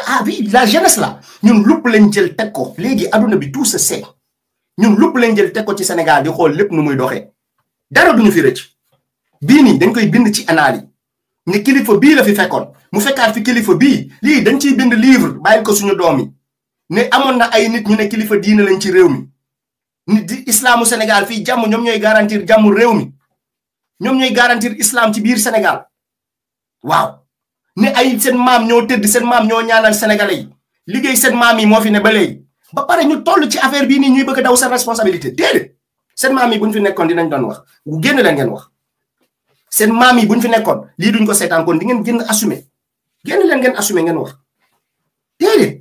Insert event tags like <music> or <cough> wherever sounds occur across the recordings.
ah abi la jeunesse ñun lupp lañ jël teg ko léegi aduna bi tout se ñun lupp lañ jël teg ko ci senegal di xool lépp nu muy doxee dara duñu fi rëcc bii nii dañ koy bind ci anal yi kilifa bii la fi fekkoon mu fekkaat fi kilifa bii lii dañ ciy bind livre bàyyil ko suñu doom ne amoon na ay nit ñu ne kilifa diina lañ ci réew mi nit di islaamu Sénégal fii jàmm ñoom ñooy garantir jàmm réew mi ñoom ñooy garantir islam ci biir senegal waaw ne ay seen maam ñoo tëdd seen maam ñoo ñaanal sénégalais liggéey seen maam yi moo fi ne ba léegi ba pare ñu toll ci affaire bii ni ñuy bëgg daw seen responsabilité déedéet seen maam yi bu ñu fi nekkoon dinañ doon wax bu génn leen ngeen wax seen maam yi bu ñu fi nekkoon lii duñ ko seetaan kon di ngeen génn assumer génn leen ngeen assumer ngeen wax déedéet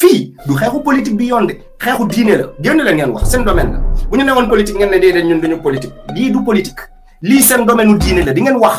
fii du xeexu politique bi yoon de xeexu diine la génn leen ngeen wax seen domaine la bu ñu newoon politique ngeen ne déedéet ñun duñu politique lii du politique lii domaine u diine la di ngeen wax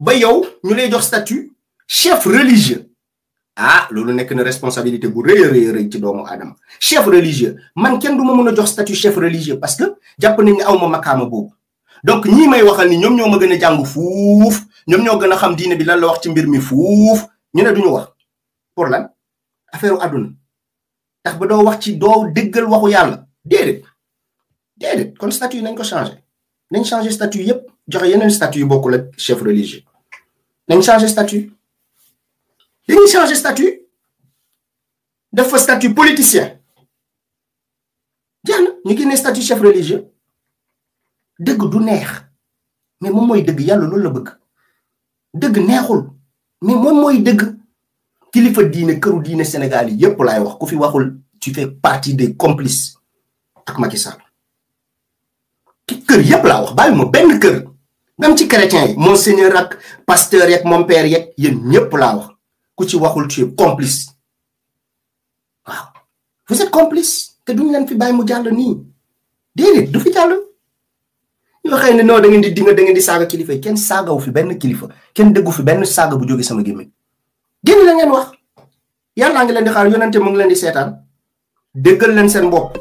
ba yow ñu lay jox statut chef religieux ah loolu nekk na responsabilité bu rëy a rëy rëy ci doomu aadama chef religieux man kenn duma ma mën a jox statut chef religieux parce que jàpp nañ ne aw ma makaama boobu donc ñii may waxal ni ñoom ñoo ma gën a jàng fuuf ñoom ñoo gën a xam diine bi lan la wax ci mbir mi fuuf ñu ne duñu wax pour lan affaire àdduna tax ba doo wax ci doo dëggal waxu yàlla déedéet déedéet kon statut nañ ko changé nañ changé statut yépp joxe yeneen statut yu bokkul ak chef religieux nañ de statut dañuy de statut de faux statut politicien jeex na ñu génnee statut chef religieux dëgg du neex mais moi moi dëgg yàlla le la bëgg dëgg neexul mais moi mooy dëgg kilifa diine këru diine Sénégal yi yëpp laay wax ku fi waxul tu fais partie des complices ak Macky Sall kër yëpp laa wax bàyyi ma benn kër même ci chrétien yi monseigneur ak pasteur ak mon père yeeg yeen ñepp la wax ku ci waxul tu es complice waaw vous êtes complice te duñ leen fi bay mu jall ni déedéet du fi jall yoo xëy ne non da ngeen di dinga da ngeen di saga kilifa yi saga wu fi ben kilifa kenn deggu fi ben saga bu jóge sama gémmiñ génn la ngeen wax yalla nga leen di xaar yonante mo ngi leen di seetaan deggal leen sen bop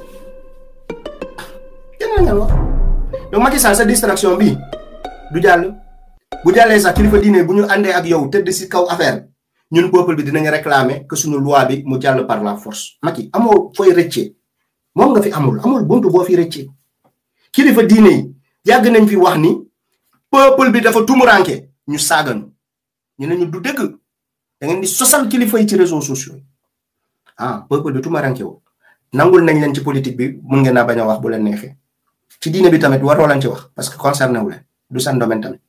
la ngeen wax donc Macky sa distraction bi du jall bu jàllee sax kilifa diine bu ñu kau ak yow tedd ci kaw affaire ñun peuple bi dinañ réclamer que suñu loi bi mu jall par la force. maki amo foy rëccee moom nga fi amul amul buntu bo fi rëccee kilifa diine yag nañ fi wax ni peuple bi dafa ranké ñu sagan ñu nañu du dëgg da ngeen di sosal kilifa yi ci réseaux sociaux ah peuple bi tumuranke woo nangul nañ leen ci politique bi mun ngeen naa bañ wax bu leen nexé ci diine bi tamit lan ci wax parce que concerné wu leen dusan <laughs> seen domaine tamit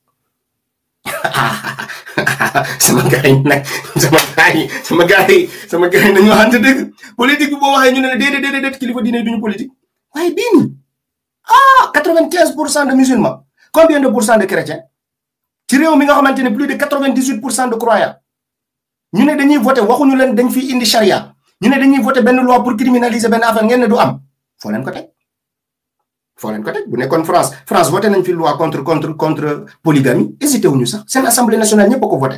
sama gars yi nag sama gars yi sama gars yi sama gars yi nañu waxante dëgg politique boo waxee ñu ne la déedéet déedéet kilifa duñu politique ah 95 pour cent de musulmans combien de pour cent de chrétiens ci réew mi nga xamante plus de 98 pour cent de croyants ñu ne dañuy voté waxuñu leen dañ fi indi charia ñu ne dañuy voté benn loi pour criminaliser benn affaire ngeen ne du am foo leen ko Vous leen ko teg France France voté une fi loi contre contre contre polygamie hésité ça? sax c'est assemblée nationale ñëpp a ko voté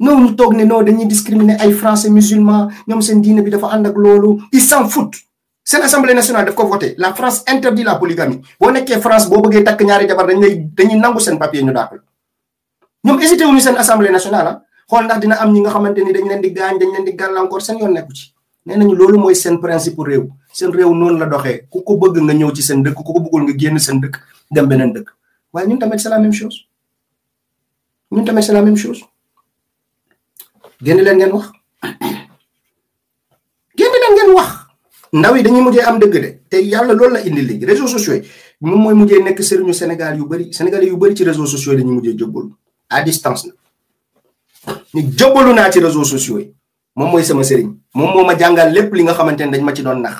nous nous toog ne non discriminés. discriminer ay français musulmans Nous sommes diine bi dafa faire ak loolu ils s'en foutent c'est l'Assemblée nationale daf ko voté la France interdit la polygamie boo que France boo bëggee vous ñaari jabar dañ lay dañuy nangu seen papier ñu hésitez-vous hésité wuñu seen assemblée nationale ah xool ndax dina am ñi nga des gens dañ leen di gaañ dañ leen di gàllankoor seen yoon nekku nee nañu loolu mooy seen principe réew seen réew noonu la doxe ku ko bëgg nga ñëw ci seen dëkk ko ko bëggul nga génn seen dëkk dem beneen dëkk waaye ñun tamit c'est la même chose ñun tamit c'est génn leen ngeen wax <coughs> génn leen ngeen wax ndaw yi dañuy mujjee am dëgg de te yàlla loolu la indi léegi réseaux sociaux yi moom mooy mujjee nekk sëriñu senegal yu bëri sénégalais yu bëri ci réseaux sociaux yi dañuy mujjee jébbalu à distance na ñu jébbalu naa ci réseaux sociaux yi moom mooy sama sëriñ moom moo ma jàngal lépp li nga xamante ne dañ ma ci doon nax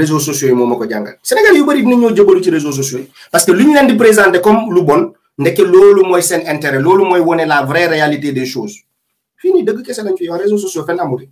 réseaux sociaux yi moo ko jàngal Sénégal yu bëri dinañ ñoo jëbalu ci réseaux sociaux yi parce que lu ñu leen di présenté comme lu bon ndeke loolu mooy seen intérêt loolu mooy wone la vraie réalité des choses fii nii dëgg kese lañ fi yow réseaux sociaux fenn amul